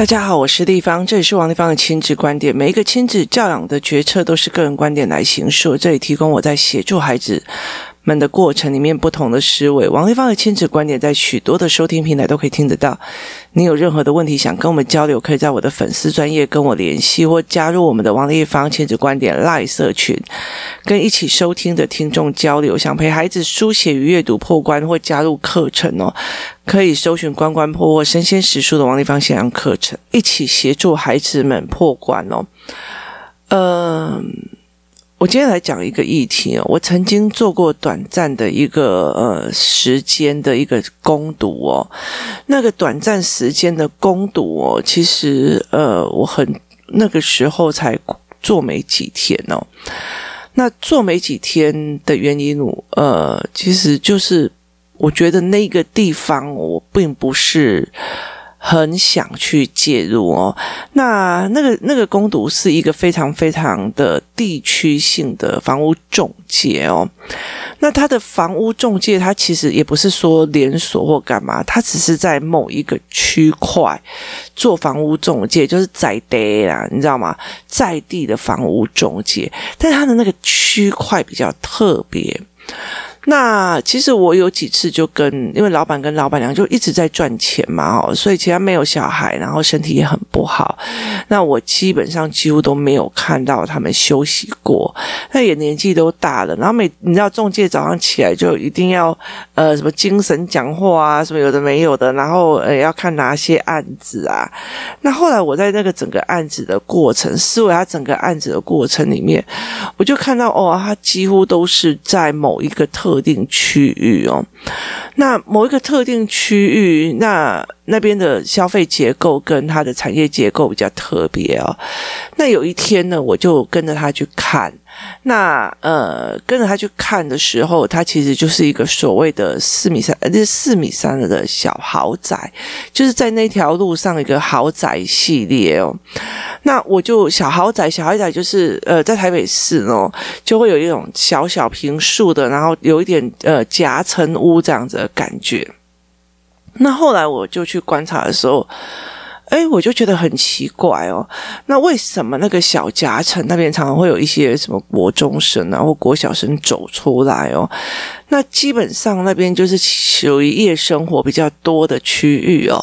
大家好，我是麗芳。這裡是王麗芳的親子觀點。每一個親子教養的決策都是個人觀點來形述，這裡提供我在協助孩子們的過程裡面，不同的思維。王麗芳的親子觀點，在許多的收聽平台都可以聽得到。你有任何的問題想跟我們交流，可以在我的粉絲專頁跟我聯繫，或加入我們的王麗芳親子觀點賴社群，跟一起收聽的聽眾交流。想陪孩子書寫與閱讀破關，或加入課程哦，可以搜尋“關關破”或“身先實書”的王麗芳線上課程，一起協助孩子們破關哦。嗯、呃。我今天來講一個議題啊、哦，我曾經做過短暫的一個呃時間的一個工讀哦，那個短暫時間的工讀哦，其實呃我很那個時候才做沒幾天哦，那做沒幾天的原因呃，其實就是我覺得那個地方我並不是。很想去介入哦，那那個那個工讀是一個非常非常的地區性的房屋中介哦。那他的房屋中介，他其實也不是說連鎖或幹嘛，他只是在某一個區塊做房屋中介，就是在地啦，你知道嗎？在地的房屋中介，但他的那個區塊比較特別。那其實我有幾次就跟，因為老闆跟老闆娘就一直在賺錢嘛，哦，所以其他沒有小孩，然後身體也很不好。那我基本上幾乎都沒有看到他們休息過。那也年紀都大了，然後每，你知道仲介早上起來就一定要呃什麼精神講話啊，什麼有的沒有的，然後呃要看哪些案子啊。那後來我在那個整個案子的過程，思維他整個案子的過程裡面，我就看到哦，他幾乎都是在某一個特。特定區域哦，那某一個特定區域，那那邊的消費結構跟它的產業結構比較特別哦，那有一天呢，我就跟着他去看。那呃，跟着他去看的時候，他其實就是一個所謂的四米三呃，是四米三的小豪宅，就是在那條路上一個豪宅系列哦。那我就小豪宅，小豪宅就是呃，在台北市哦，就會有一種小小坪數的，然後有一點呃夾層屋這樣子的感覺。那後來我就去觀察的時候。哎，我就覺得很奇怪哦。那為什麼那個小夾城那邊常常會有一些什麼國中生啊或國小生走出來哦？那基本上那邊就是屬於夜生活比較多的區域哦。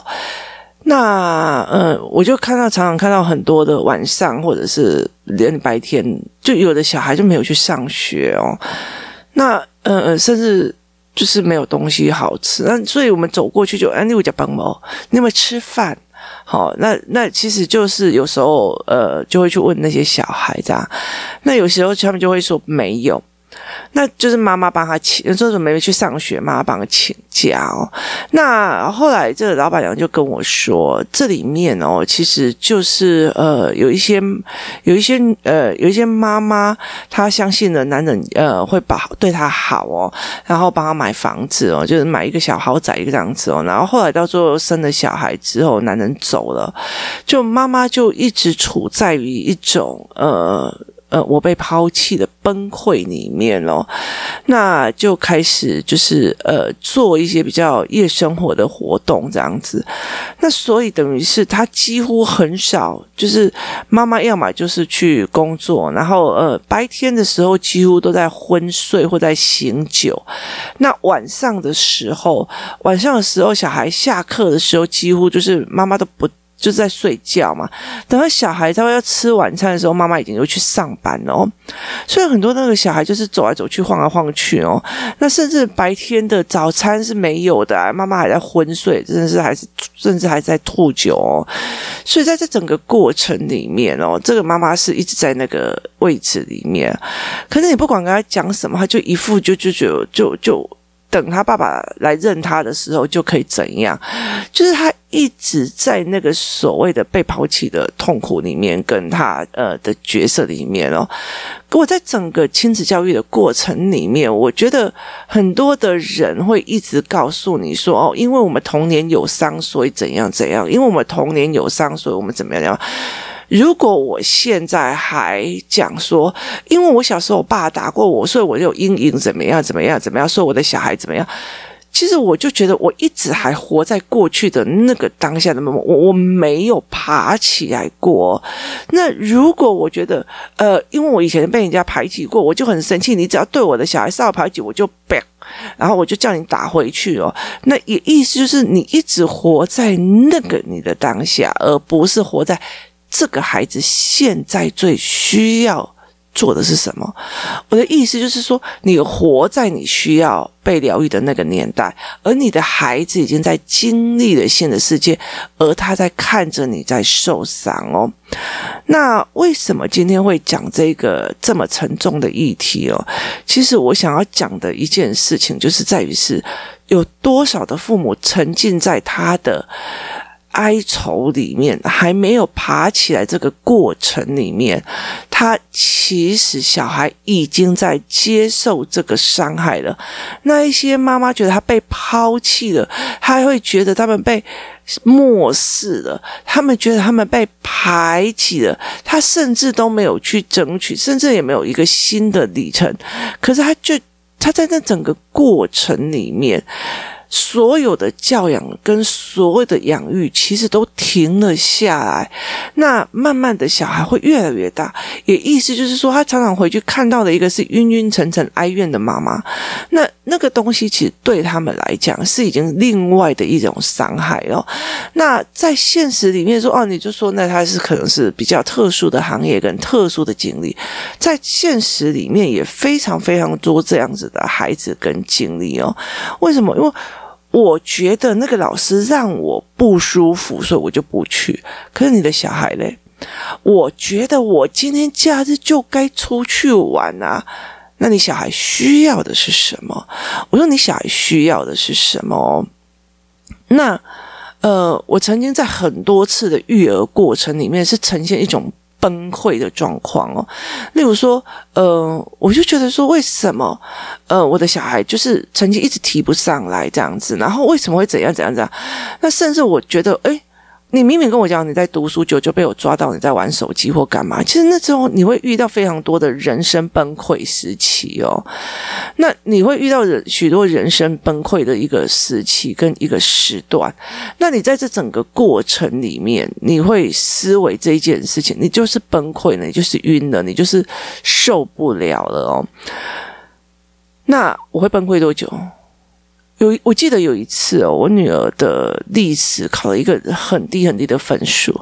那呃，我就看到常常看到很多的晚上或者是連白天，就有的小孩就沒有去上學哦。那呃，甚至就是沒有東西好吃。那所以我們走過去就，哎，你呷飽某？你有沒有吃飯？好，那那其實就是有時候，呃，就會去問那些小孩子啊，那有時候他們就會說沒有。那就是媽媽幫他請，做準備去上學，媽媽幫他請假哦。那後來這個老闆娘就跟我說，這裡面哦，其實就是呃，有一些，有一些呃，有一些媽媽她相信了男人，呃，會把對她好哦，然後幫她買房子哦，就是買一個小豪宅一個這樣子哦。然後後來到最後生了小孩之後，男人走了，就媽媽就一直處在於一種呃。呃，我被拋棄的崩潰裡面咯那就開始就是呃，做一些比較夜生活的活動這樣子。那所以等於是他幾乎很少，就是媽媽要麼就是去工作，然後呃白天的時候幾乎都在昏睡或在醒酒。那晚上的時候，晚上的時候小孩下課的時候，幾乎就是媽媽都不。就是在睡覺嘛，等到小孩在要吃晚餐的時候，媽媽已經又去上班了。哦，所以很多那個小孩就是走來走去，晃來、啊、晃去哦。那甚至白天的早餐是沒有的，啊，媽媽還在昏睡，甚至還是甚至還在吐酒。哦。所以在這整個過程裡面哦，這個媽媽是一直在那個位置裡面，可是你不管跟他講什麼，他就一副就就就就就。就就等他爸爸來認他的時候，就可以怎樣？就是他一直在那個所謂的被拋棄的痛苦裡面，跟他的呃的角色裡面哦。可我在整個親子教育的過程裡面，我覺得很多的人會一直告訴你說：“哦，因為我們童年有傷，所以怎樣怎樣；因為我們童年有傷，所以我們怎麼樣。”如果我現在還講說，因為我小時候我爸打過我，所以我就有陰影，怎，怎麼樣，怎麼樣，怎麼樣，說我的小孩怎麼樣，其實我就覺得我一直還活在過去的那個當下的，我我沒有爬起來過。那如果我覺得，呃，因為我以前被人家排擠過，我就很生氣。你只要對我的小孩稍有排擠，我就，砰，然後我就叫你打回去哦。那也意思就是你一直活在那個你的當下，而不是活在。這個孩子現在最需要做的是什麼？我的意思就是說，你活在你需要被療癒的那個年代，而你的孩子已經在經歷了新的世界，而他在看着你在受傷哦。那為什麼今天會講這個這麼沉重的議題哦？其實我想要講的一件事情，就是在於是有多少的父母沉浸在他的。哀愁裡面還沒有爬起來，這個過程裡面，他其實小孩已經在接受這個傷害了。那一些媽媽覺得他被拋棄了，他會覺得他們被漠視了，他們覺得他們被排擠了。他甚至都沒有去爭取，甚至也沒有一個新的里程。可是，他就他在那整個過程裡面。所有的教養跟所有的養育，其實都停了下來。那慢慢的小孩會越來越大，也意思就是說，他常常回去看到的一個是暈暈沉沉、哀怨的媽媽。那那個東西，其實對他們來講，是已經另外的一種傷害哦。那在現實裡面說，哦，你就說，那他是可能是比較特殊的行業跟特殊的經歷。在現實裡面也非常非常多這樣子的孩子跟經歷哦。為什麼？因為我覺得那個老師讓我不舒服，所以我就不去。可是你的小孩呢？我覺得我今天假日就該出去玩啊。那你小孩需要的是什麼？我說你小孩需要的是什麼？那，呃，我曾經在很多次的育兒過程裡面是呈現一種，崩潰的狀況哦，例如說，呃，我就覺得說，為什麼，呃，我的小孩就是成績一直提不上來這樣子，然後為什麼會怎樣怎樣怎樣？那甚至我覺得，哎、欸。你明明跟我講你在讀書，久就被我抓到你在玩手機或幹嘛？其實那時候你會遇到非常多的人生崩潰時期哦。那你會遇到人許多人生崩潰的一個時期跟一個時段。那你在這整個過程裡面，你會思維這一件事情，你就是崩潰了，你就是暈了，你就是受不了了哦。那我會崩潰多久？有，我記得有一次哦，我女兒的歷史考了一個很低很低的分數，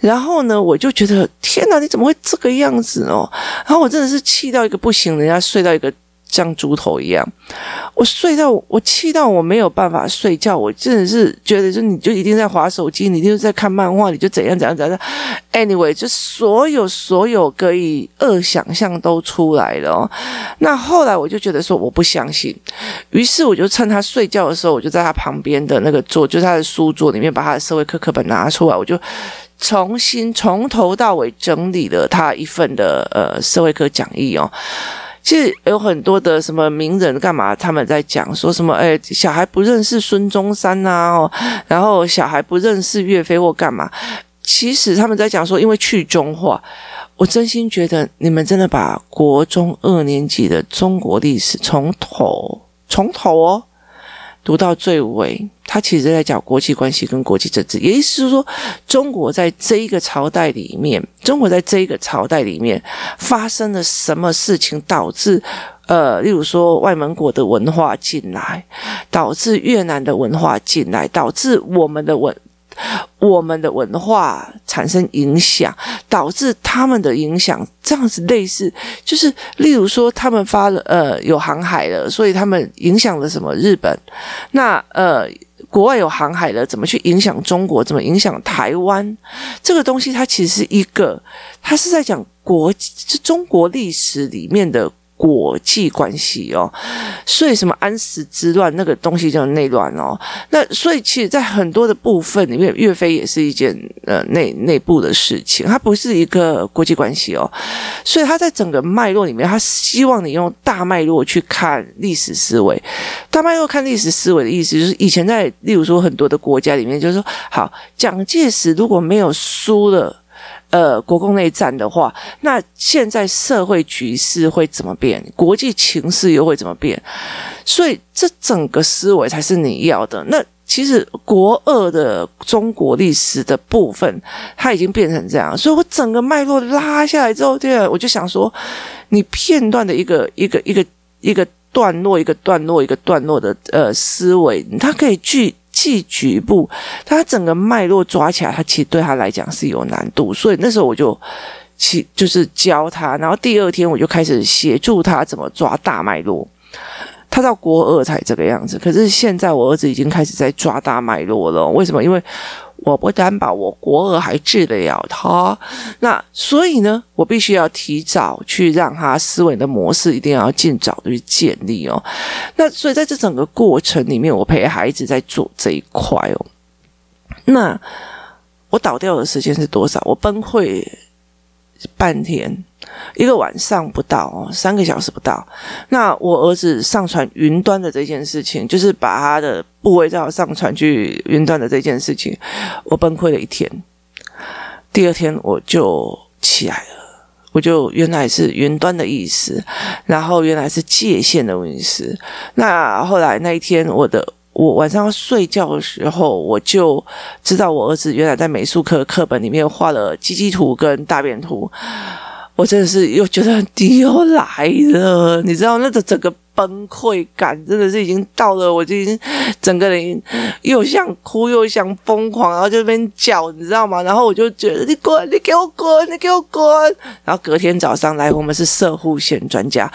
然後呢，我就覺得天哪，你怎麼會這個樣子哦？然後我真的是氣到一個不行，人家睡到一個。像豬頭一樣，我睡到我氣到我沒有辦法睡覺，我真的是覺得，就你就一定在滑手機，你一定是在看漫畫，你就怎樣怎樣怎樣。Anyway，就所有所有可以惡想象都出來了哦。那後來我就覺得說我不相信，於是我就趁他睡覺的時候，我就在他旁邊的那個桌，就是他的書桌裡面，把他的社會課課本拿出來，我就重新從頭到尾整理了他一份的呃社會科講義哦。其實有很多的什麼名人幹嘛，他們在講說什麼，哎，小孩不認識孫中山吶啊，然後小孩不認識岳飛或幹嘛？其實他們在講說，因為去中化。我真心覺得，你們真的把國中二年級的中國歷史從頭從頭哦。讀到最尾，他其實在講國際關係跟國際政治，也意思就是說，中國在這一個朝代裡面，中國在這一個朝代裡面發生了什麼事情，導致呃，例如說外蒙古的文化進來，導致越南的文化進來，導致我們的文。我們的文化產生影響，導致他們的影響這樣子類似，就是例如說，他們發了呃有航海了，所以他們影響了什麼日本？那呃國外有航海了，怎麼去影響中國？怎麼影響台灣？這個東西它其實是一個，它是在講國就中國歷史裡面的。國際關係哦，所以什麼安史之亂那個東西叫內亂哦，那所以其實，在很多的部分裡面，岳飛也是一件呃內內部的事情，它不是一個國際關係哦，所以他在整個脈絡裡面，他希望你用大脈絡去看歷史思維，大脈絡看歷史思維的意思就是，以前在例如說很多的國家裡面，就是說，好，蔣介石如果沒有輸了。呃，國共內戰的話，那現在社會局勢會怎麼變？國際情勢又會怎麼變？所以這整個思維才是你要的。那其實國二的中國歷史的部分，它已經變成這樣。所以我整個脈絡拉下來之後，對啊，我就想說，你片段的一個一個一個一個，一個段落，一個段落一個段落的呃思維，它可以去，即局部，他整個脈絡抓起來，他其實對他來講是有難度。所以那時候我就去就是教他，然後第二天我就開始協助他怎麼抓大脈絡。他到國二才這個樣子，可是現在我兒子已經開始在抓大脈絡了。為什麼？因為我不擔保我國二還治得了他，那所以呢，我必須要提早去讓他思維的模式一定要儘早的去建立哦。那所以在這整個過程裡面，我陪孩子在做這一塊哦。那我倒掉的時間是多少？我崩潰半天。一個晚上不到，三個小時不到。那我兒子上傳雲端的這件事情，就是把他的部位照上傳去雲端的這件事情，我崩潰了一天。第二天我就起來了，我就原來是雲端的意思，然後原來是界限的意思。那後來那一天，我的我晚上睡覺的時候，我就知道我兒子原來在美術課課本裡面畫了雞雞圖跟大便圖。我真的是又覺得你又來了，你知道那個整個崩潰感真的是已經到了，我就已經整個人又想哭又想瘋狂，然後就那邊叫你知道嗎？然後我就覺得你滾，你給我滾，你給我滾。然後隔天早上來，我們是社護線專家。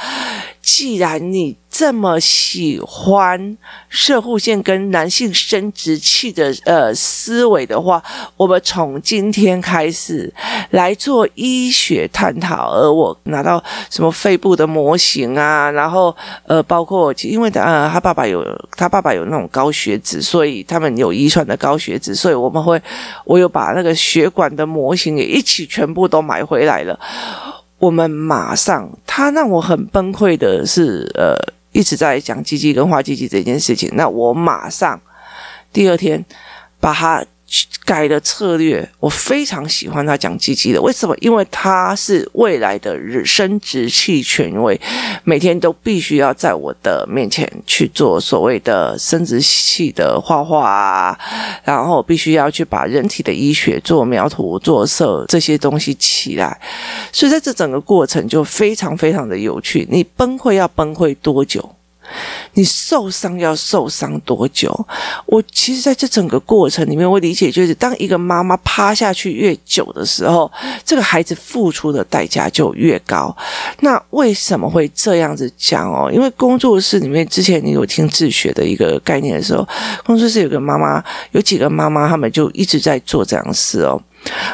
既然你這麼喜歡攝護腺跟男性生殖器的呃思維的話，我們從今天開始來做醫學探討。而我拿到什麼肺部的模型啊，然後呃，包括因為呃，他爸爸有他爸爸有那種高血脂，所以他們有遺傳的高血脂，所以我們會，我有把那個血管的模型也一起全部都買回來了。我們馬上，他讓我很崩潰的是，呃，一直在講雞雞跟畫雞雞這件事情。那我馬上第二天把他。改的策略，我非常喜歡他講積極的，為什麼？因為他是未來的生殖器權威，每天都必須要在我的面前去做所謂的生殖器的畫畫，啊，然後必須要去把人體的醫學做描圖、做色這些東西起來，所以在這整個過程就非常非常的有趣。你崩潰要崩潰多久？你受傷要受傷多久？我其實在這整個過程裡面，我理解就是，當一個媽媽趴下去越久的時候，這個孩子付出的代價就越高。那為什麼會這樣子講哦？因為工作室裡面之前你有聽自學的一個概念的時候，工作室有個媽媽，有幾個媽媽，他們就一直在做這樣事哦。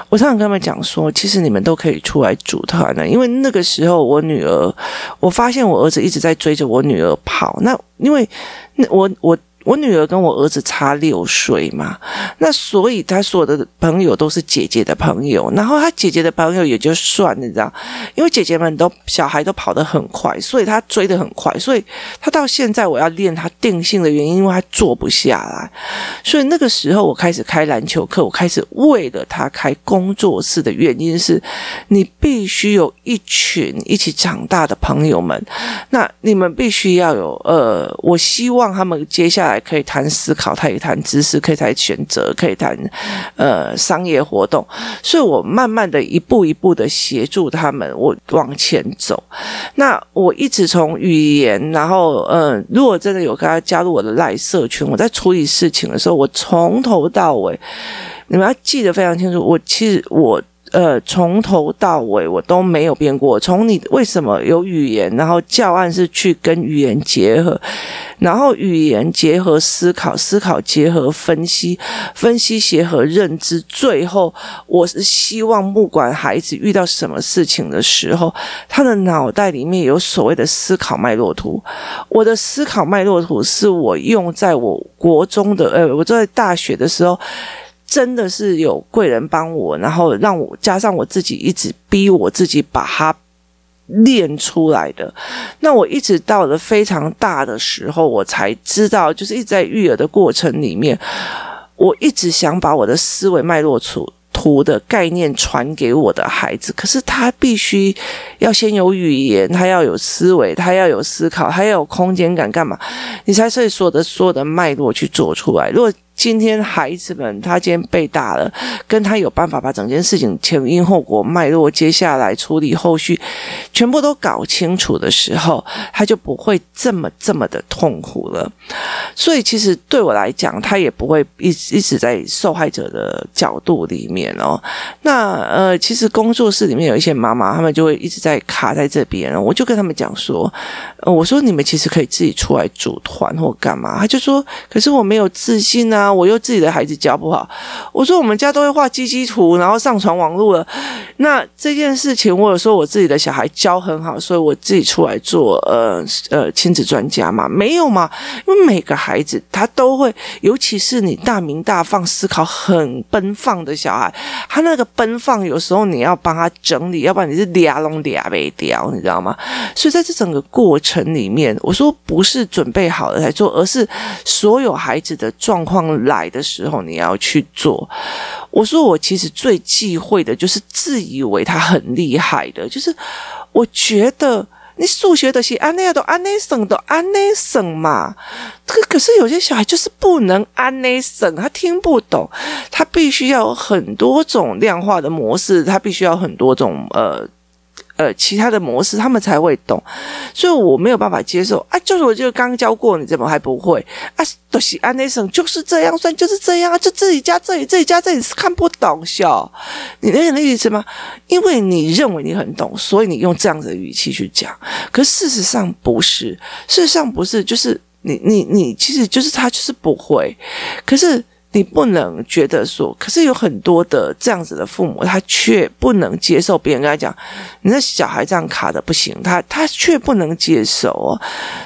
我常常跟他們講說，其實你們都可以出來組團的，因為那個時候我女兒，我發現我兒子一直在追着我女兒跑，那因為那我我。我我女兒跟我兒子差六歲嘛，那所以他所有的朋友都是姐姐的朋友，然後他姐姐的朋友也就算了，你知道，因為姐姐們都小孩都跑得很快，所以他追得很快，所以他到現在我要練他定性的原因，因為他坐不下來，所以那個時候我開始開籃球課，我開始為了他開工作室的原因是，你必須有一群一起長大的朋友們，那你們必須要有，呃，我希望他們接下來。還可以談思考，他也談知識，可以談選擇，可以談呃商業活動。所以，我慢慢的一步一步的協助他們，我往前走。那我一直從語言，然後，嗯、呃，如果真的有跟他加入我的賴社群，我在處理事情的時候，我從頭到尾，你們要記得非常清楚。我其實我。呃，從頭到尾我都沒有變過。從你為什麼有語言，然後教案是去跟語言結合，然後語言結合思考，思考結合分析，分析結合認知。最後，我是希望不管孩子遇到什麼事情的時候，他的腦袋裡面有所謂的思考脈絡圖。我的思考脈絡圖是我用在我國中的，呃，我在大學的時候。真的是有貴人幫我，然後讓我加上我自己，一直逼我自己把它練出來的。那我一直到了非常大的時候，我才知道，就是一直在育兒的過程裡面，我一直想把我的思維脈絡圖、圖的概念傳給我的孩子。可是他必須要先有語言，他要有思維，他要有思考，他要有空間感，幹嘛？你才所以所有的所有的脈絡去做出來。如果今天孩子們他今天被打了，跟他有辦法把整件事情前因後果，脈絡，接下來處理後續，全部都搞清楚的時候，他就不會這麼這麼的痛苦了。所以其實對我來講，他也不會一一直在受害者的角度裡面哦。那呃，其實工作室裡面有一些媽媽，他們就會一直在卡在這邊。我就跟他們講說，呃，我說你們其實可以自己出來組團或幹嘛。他就說，可是我沒有自信啊。我又自己的孩子教不好，我說我們家都會畫雞雞圖，然後上傳網絡了。那這件事情，我有說我自己的小孩教很好，所以我自己出來做呃呃親子專家嘛，沒有嘛？因為每個孩子他都會，尤其是你大鳴大放、思考很奔放的小孩，他那個奔放有時候你要幫他整理，要不然你是嗲龍嗲被掉，你知道嗎？所以在這整個過程裡面，我說不是準備好了來做，而是所有孩子的狀況。來的時候你要去做。我說我其實最忌諱的就是自以為他很厲害的，就是我覺得你數學的東西安內亞的、安內省的、安內省嘛。可是有些小孩就是不能安內省，他聽不懂，他必須要很多種量化的模式，他必須要很多種呃。呃，其他的模式他們才會懂，所以我沒有辦法接受啊！就是我就剛教過，你怎麼還不會啊？多西安內森就是這樣算，就是這樣啊！就自己家這裡，自己家這裡是看不懂，笑，你那什麼意思嗎？因為你認為你很懂，所以你用這樣子的語氣去講，可事實上不是，事實上不是，就是你你你，其實就是他就是不會，可是。你不能覺得說，可是有很多的這樣子的父母，他卻不能接受別人跟他講，你的小孩這樣卡的不行，他他卻不能接受哦。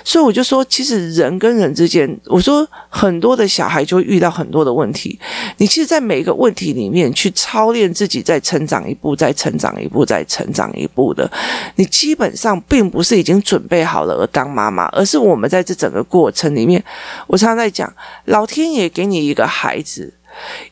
所以我就說，其實人跟人之間，我說。很多的小孩就會遇到很多的問題，你其實，在每一個問題裡面去操練自己，再成長一步，再成長一步，再成長一步的，你基本上並不是已經準備好了而當媽媽，而是我們在這整個過程裡面，我常常在講，老天爺給你一個孩子，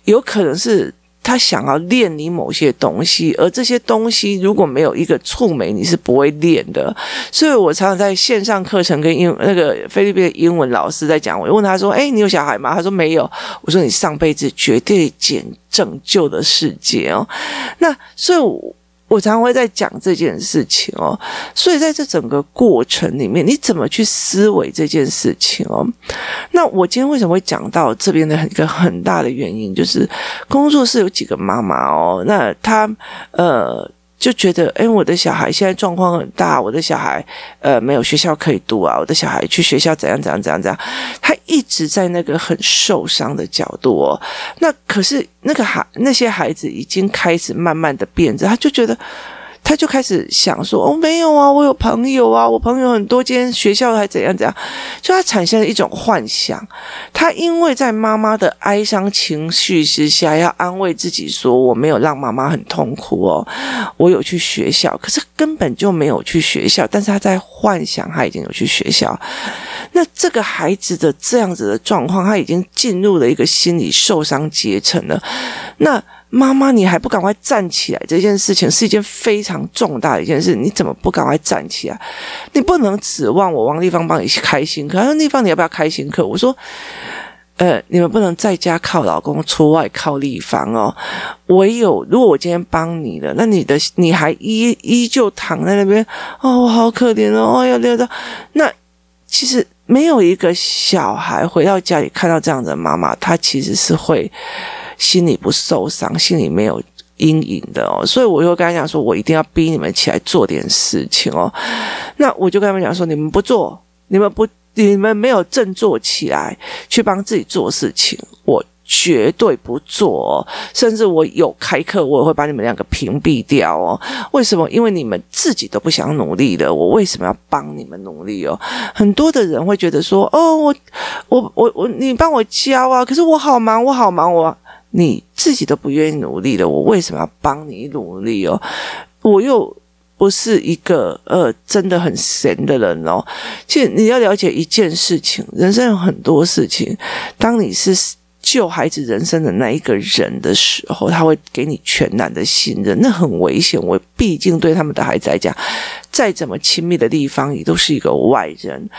有可能是。他想要練你某些東西，而這些東西如果沒有一個觸媒，你是不會練的。所以我常常在線上課程跟英那個菲律賓的英文老師在講，我問他說：“誒、欸，你有小孩嗎？”他說：“沒有。”我說：“你上輩子絕對撿拯救的世界哦。”那，那所以……我常常會在講這件事情哦，所以在這整個過程裡面，你怎麼去思維這件事情哦？那我今天為什麼會講到這邊的很一個很大的原因，就是工作室有幾個媽媽哦，那她，呃。就覺得，哎、欸,我的小孩現在狀況很大，我的小孩，呃，沒有學校可以讀啊,我的小孩去學校怎樣怎樣怎樣怎樣，他一直在那個很受傷的角度哦。那可是那個孩那些孩子已經開始慢慢的變着，他就覺得。他就開始想說：“哦，沒有啊，我有朋友啊，我朋友很多。今天學校還怎樣怎樣，就他產生了一種幻想。他因為在媽媽的哀傷情緒之下，要安慰自己說：我沒有讓媽媽很痛苦哦，我有去學校，可是根本就沒有去學校。但是他在幻想他已經有去學校。那這個孩子的這樣子的狀況，他已經進入了一個心理受傷階層了那。”媽媽，你還不趕快站起來！這件事情是一件非常重大的一件事，你怎麼不趕快站起來？你不能指望我王麗芳幫你開心課。那、啊、麗芳，你要不要開心課？我說，呃，你們不能在家靠老公，出外靠麗芳。哦。唯有如果我今天幫你了，那你的你還依依舊躺在那邊，哦，我好可憐哦，哦要掉到。那其實沒有一個小孩回到家裡看到這樣的媽媽，他其實是會。心裡不受傷，心裡沒有陰影的哦，所以我就跟他講說，我一定要逼你們起來做點事情哦。那我就跟他們講說，你們不做，你們不，你們沒有振作起來去幫自己做事情，我絕對不做哦。甚至我有開課，我也會把你們兩個屏蔽掉哦。為什麼？因為你們自己都不想努力的，我為什麼要幫你們努力哦？很多的人會覺得說，哦，我我我我，你幫我教啊，可是我好忙，我好忙，我。你自己都不願意努力了，我為什麼要幫你努力哦？我又不是一個呃真的很閒的人哦。其實你要了解一件事情，人生有很多事情，當你是救孩子人生的那一個人的時候，他會給你全然的信任，那很危險。我畢竟對他們的孩子來講，再怎麼親密的地方，也都是一個外人。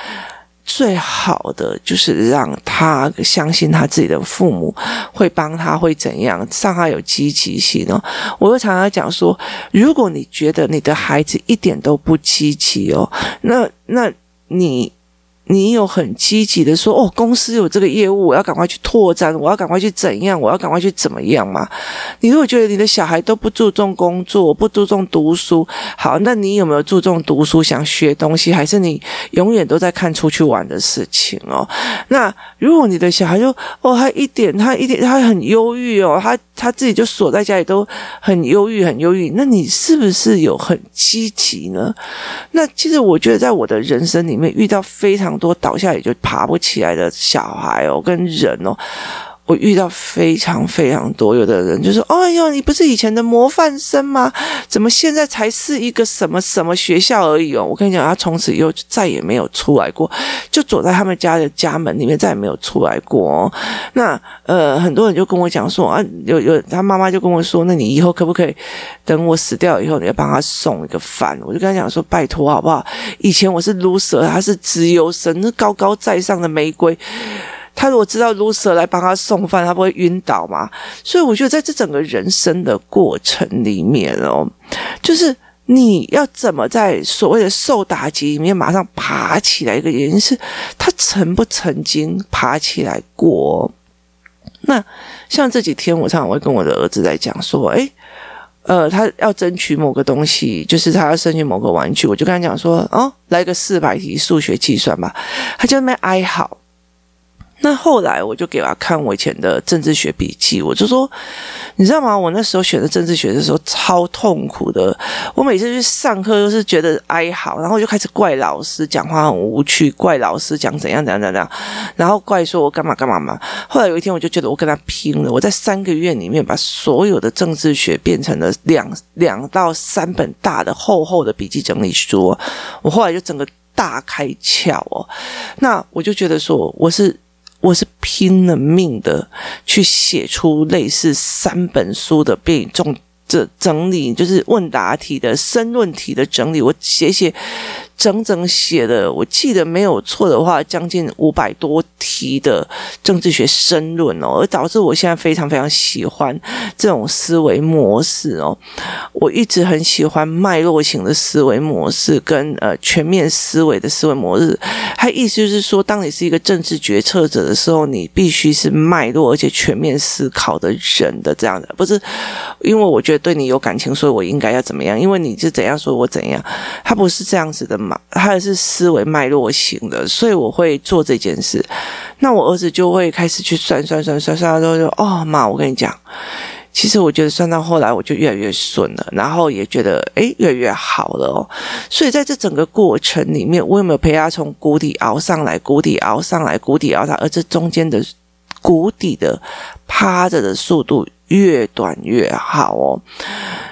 最好的就是讓他相信他自己的父母會幫他，會怎樣？讓他有積極性哦。我又常常講說，如果你覺得你的孩子一點都不積極哦，那那你。你有很積極的說哦，公司有這個業務，我要趕快去拓展，我要趕快去怎樣，我要趕快去怎麼樣嘛？你如果覺得你的小孩都不注重工作，不注重讀書，好，那你有沒有注重讀書，想學東西，還是你永遠都在看出去玩的事情哦？那如果你的小孩就哦，他一點，他一點，他很憂鬱哦，他他自己就鎖在家裡都很憂鬱，很憂鬱，那你是不是有很積極呢？那其實我覺得在我的人生裡面遇到非常。多倒下也就爬不起來的小孩哦，跟人哦。我遇到非常非常多，有的人就說：“哦、哎、喲，你不是以前的模範生嗎？怎麼現在才是一個什麼什麼學校而已哦？”我跟你講，他從此以後就再也沒有出來過，就躲在他們家的家門裡面，再也沒有出來過、哦。那呃，很多人就跟我講說：“啊，有有，他媽媽就跟我說，那你以後可不可以等我死掉以後，你要幫他送一個飯？”我就跟他講說：“拜托好不好？以前我是魯蛇，他是資優生，那高高在上的玫瑰。”他如果知道 Lucy 來幫他送飯，他不會暈倒嗎？所以我覺得，在這整個人生的過程裡面哦，就是你要怎麼在所謂的受打擊裡面馬上爬起來？一個原因是他曾不曾經爬起來過？那像這幾天，我常常會跟我的兒子在講說，哎，呃，他要爭取某個東西，就是他要爭取某個玩具，我就跟他講說，哦，來個四百題數學計算吧，他就那邊哀嚎。那後來我就給他看我以前的政治學筆記，我就說，你知道嗎？我那時候選的政治學的時候超痛苦的，我每次去上課都是覺得哀嚎，然後就開始怪老師講話很無趣，怪老師講怎樣怎樣怎樣，然後怪說我幹嘛幹嘛嘛。後來有一天我就覺得我跟他拼了，我在三個月裡面把所有的政治學變成了兩兩到三本大的厚厚的筆記整理書，我後來就整個大開竅哦。那我就覺得說我是。我是拼了命的去寫出類似三本書的背重，這整理就是問答題的、申論題的整理，我寫寫。整整寫的，我記得沒有錯的話，將近五百多題的政治學申論哦，而導致我現在非常非常喜歡這種思維模式哦。我一直很喜歡脈絡型的思維模式跟呃全面思維的思維模式。他意思就是說，當你是一個政治決策者的時候，你必須是脈絡而且全面思考的人的這樣子，不是因為我覺得對你有感情，所以我應該要怎麼樣？因為你是怎樣說我怎樣，他不是這樣子的嗎？他也是思維脈絡型的，所以我會做這件事。那我兒子就會開始去算算算算算，然後就哦，媽，我跟你講，其實我覺得算到後來，我就越來越順了，然後也覺得哎，越來越好了哦。所以在這整個過程裡面，我有沒有陪他從谷底熬上來？谷底熬上來，谷底熬他，而這中間的谷底的趴着的速度越短越好哦。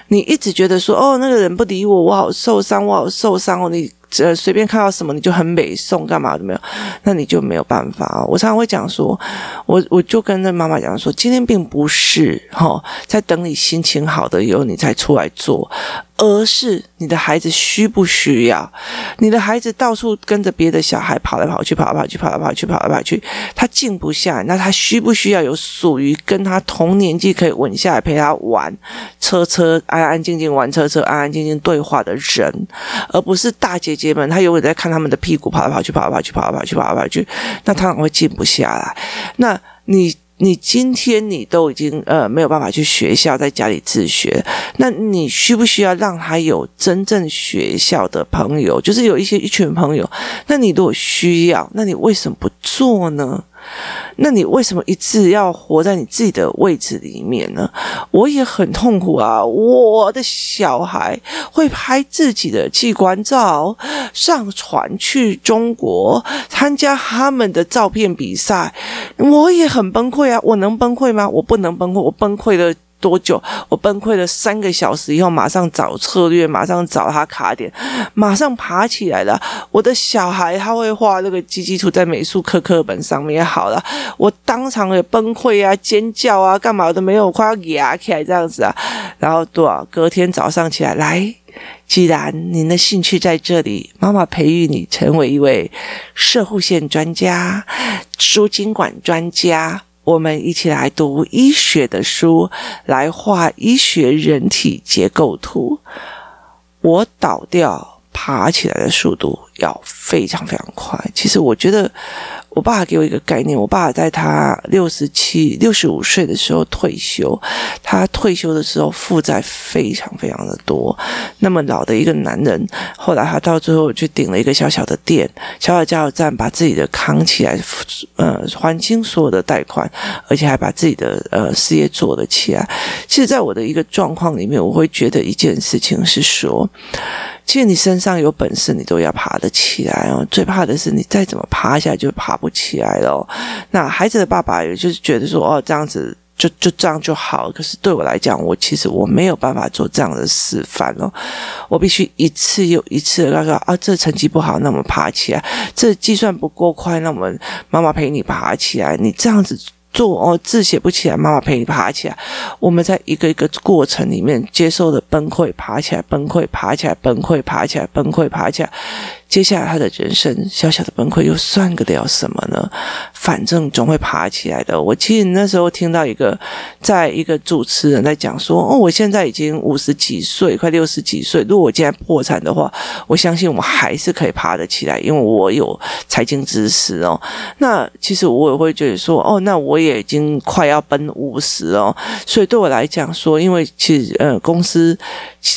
你一直覺得說：“哦，那個人不理我，我好受傷，我好受傷哦。”你呃，隨便看到什麼你就很美頌幹嘛都沒有，那你就沒有辦法、哦。我常常會講說，我我就跟那媽媽講說，今天並不是哈、哦，在等你心情好的以後你才出來做。而是你的孩子需不需要？你的孩子到處跟着別的小孩跑來跑去，跑來跑去，跑來跑去，跑來跑去，他靜不下來。那他需不需要有屬於跟他同年紀可以穩下來陪他玩車車，安安靜靜玩車車，安安靜靜對話的人，而不是大姐姐們？他永遠在看他們的屁股，跑來跑去，跑來跑去，跑來跑去，跑來跑去，那他很會靜不下來。那你。你今天你都已經呃沒有辦法去學校，在家裡自學，那你需不需要讓他有真正學校的朋友，就是有一些一群朋友？那你如果需要，那你為什麼不做呢？那你為什麼一直要活在你自己的位置裡面呢？我也很痛苦啊！我的小孩會拍自己的器官照，上傳去中國參加他們的照片比賽，我也很崩潰啊！我能崩潰嗎？我不能崩潰，我崩潰了。多久？我崩潰了三個小時以後，馬上找策略，馬上找他卡點，馬上爬起來了。我的小孩他會畫那個雞雞圖在美術課課本上面好了，我當場也崩潰啊，尖叫啊，幹嘛都沒有，快要牙起來這樣子啊。然後多少、啊、隔天早上起來，來，既然您的興趣在這裡，媽媽培育你成為一位攝護腺專家、輸精管專家。我們一起來讀醫學的書，來畫醫學人體結構圖。我倒掉，爬起來的速度要非常非常快。其實我覺得。我爸爸給我一個概念，我爸爸在他六十七、六十五歲的時候退休，他退休的時候負債非常非常的多。那麼老的一個男人，後來他到最後去頂了一個小小的店，小小加油站，把自己的扛起來，呃，還清所有的貸款，而且還把自己的呃事業做了起來。其實，在我的一個狀況裡面，我會覺得一件事情是說，既然你身上有本事，你都要爬得起來哦。最怕的是你再怎麼爬下就爬不起來了。那孩子的爸爸也就是覺得說哦，這樣子就就這樣就好。可是對我來講，我其實我沒有辦法做這樣的示範哦。我必須一次又一次的告訴啊，這成績不好，那我們爬起來；這計算不夠快，那我們媽媽陪你爬起來。你這樣子。做哦，字寫不起來，媽媽陪你爬起來。我們在一個一個過程裡面接受的崩潰，爬起來，崩潰，爬起來，崩潰，爬起來，崩潰，爬起來。接下來他的人生小小的崩潰又算得了什麼呢？反正總會爬起來的。我記得那時候聽到一個，在一個主持人在講說：“哦，我現在已經五十幾歲，快六十幾歲。如果我今天破產的話，我相信我還是可以爬得起來，因為我有財經知識哦。”那其實我也會覺得說：“哦，那我也已經快要奔五十哦。”所以對我來講說，因為其實呃公司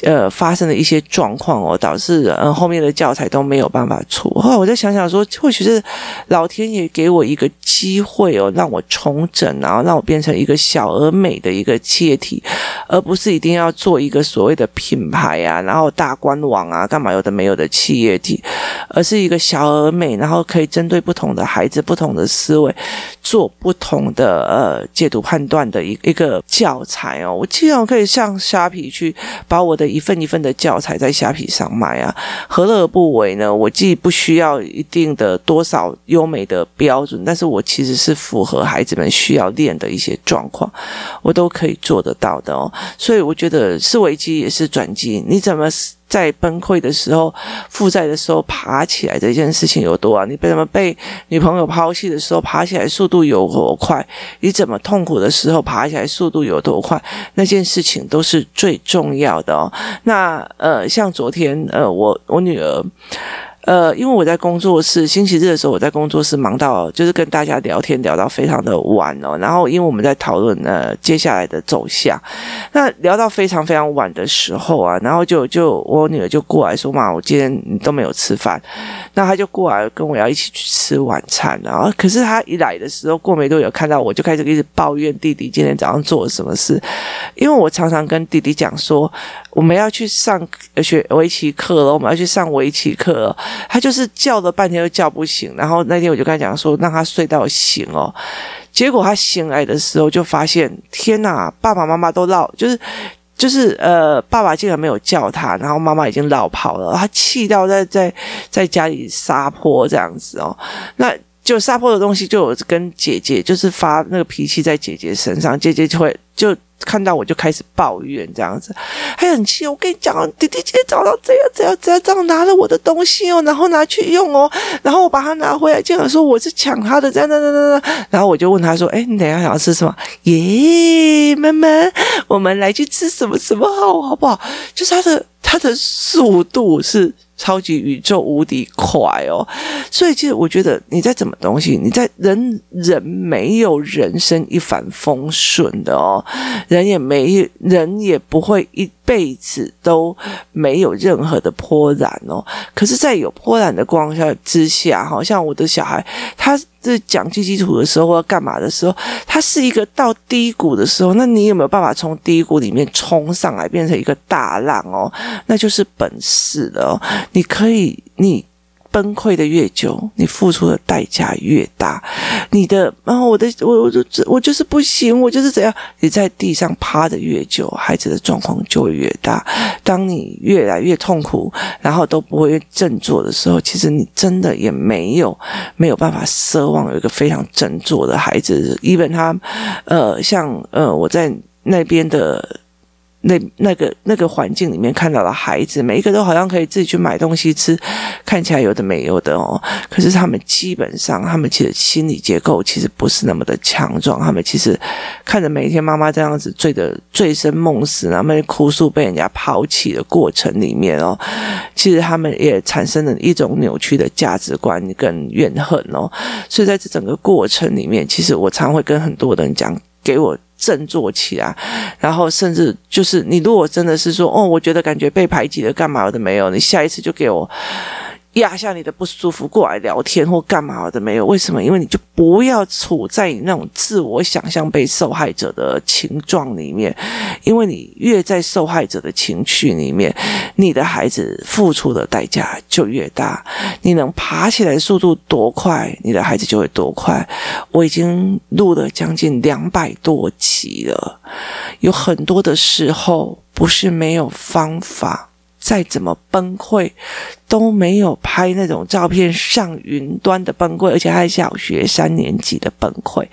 呃發生了一些狀況哦，導致呃後面的教材都沒有有辦法出，後來我就想想說，或許是老天爺給我一個機會哦，讓我重整，然後讓我變成一個小而美的一個企業體，而不是一定要做一個所謂的品牌啊，然後大官網啊，幹嘛有的沒有的企業體，而是一個小而美，然後可以針對不同的孩子、不同的思維做不同的呃解讀判斷的一個一個教材哦。我既然我可以向蝦皮去把我的一份一份的教材在蝦皮上賣啊，何樂而不為呢？我既不需要一定的多少優美的標準，但是我其實是符合孩子們需要練的一些狀況，我都可以做得到的哦。所以我覺得是危機也是轉機，你怎麼在崩潰的時候，負債的時候爬起來這件事情有多難？你被什麼被女朋友拋棄的時候爬起來速度有多快？你怎麼痛苦的時候爬起來速度有多快？那件事情都是最重要的哦。那呃，像昨天呃，我我女兒。呃，因為我在工作室，星期日的時候我在工作室忙到，就是跟大家聊天聊到非常的晚哦。然後因為我們在討論呃接下來的走向，那聊到非常非常晚的時候啊，然後就就我女兒就過來說，媽，我今天都沒有吃飯，那她就過來跟我要一起去吃晚餐。然後可是她一來的時候，過沒多久有看到我就開始一直抱怨弟弟今天早上做了什麼事，因為我常常跟弟弟講說我們要去上學圍棋課了，我們要去上圍棋課咯。他就是叫了半天又叫不醒，然後那天我就跟他講說，讓他睡到醒哦。結果他醒來的時候就發現，天哪！爸爸媽媽都鬧，就是就是呃，爸爸竟然沒有叫他，然後媽媽已經鬧跑了，他氣到在在在家裡撒潑這樣子哦。那就撒潑的東西，就有跟姐姐就是發那個脾氣在姐姐身上，姐姐就會就。看到我就開始抱怨這樣子，還很氣。我跟你講，弟弟今天早上這樣這樣這樣，這樣，這樣拿了我的東西哦，然後拿去用哦，然後我把他拿回來，竟然說我是搶他的，這樣這樣這樣這樣。然後我就問他說：“哎、欸，你等一下想要吃什麼？”“耶，媽媽，我們來去吃什麼什麼好，好不好？”就是他的他的速度是。超級宇宙無敵快哦，所以其實我覺得，你在什麼東西，你在人人，沒有人生一帆風順的哦，人也沒，人也不會一，輩子都沒有任何的波瀾哦，可是，在有波瀾的光下之下，好像我的小孩，他在講基基圖的時候，或幹嘛的時候，他是一個到低谷的時候，那你有沒有辦法從低谷裡面衝上來，變成一個大浪哦？那就是本事了哦。你可以你。崩潰的越久，你付出的代價越大。你的，然後、啊、我的，我我就我就是不行，我就是怎樣。你在地上趴的越久，孩子的狀況就會越大。當你越來越痛苦，然後都不會振作的時候，其實你真的也沒有沒有辦法奢望有一個非常振作的孩子，即使他，呃，像呃，我在那邊的。那那個那個環境裡面看到的孩子，每一個都好像可以自己去買東西吃，看起來有的沒有的哦。可是他們基本上，他們其實心理結構其實不是那麼的強壯。他們其實看着每天媽媽這樣子醉的醉生夢死，然後被哭訴被人家拋棄的過程裡面哦，其實他們也產生了一種扭曲的價值觀跟怨恨哦。所以在這整個過程裡面，其實我常會跟很多人講，給我。振作起來，然後甚至就是，你如果真的是說，哦，我覺得感覺被排擠了，幹嘛，我都沒有，你下一次就給我。壓下你的不舒服，過來聊天或幹嘛的沒有？為什麼？因為你就不要處在你那種自我想象被受害者的情狀裡面，因為你越在受害者的情緒裡面，你的孩子付出的代價就越大。你能爬起來的速度多快，你的孩子就會多快。我已經錄了將近兩百多集了，有很多的時候不是沒有方法。再怎麼崩潰，都沒有拍那種照片上雲端的崩潰，而且還是小學三年級的崩潰。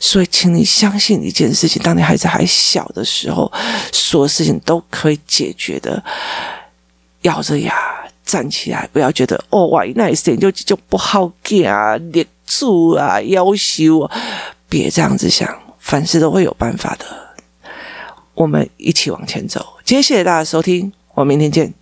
所以，請你相信一件事情，當你孩子還小的時候，所有事情都可以解決的。咬着牙站起來，不要覺得哦哇，那一次就就不好過啊，力住啊，要羞啊，別這樣子想，凡事都會有辦法的。我們一起往前走。今天謝謝大家收聽。我明天見。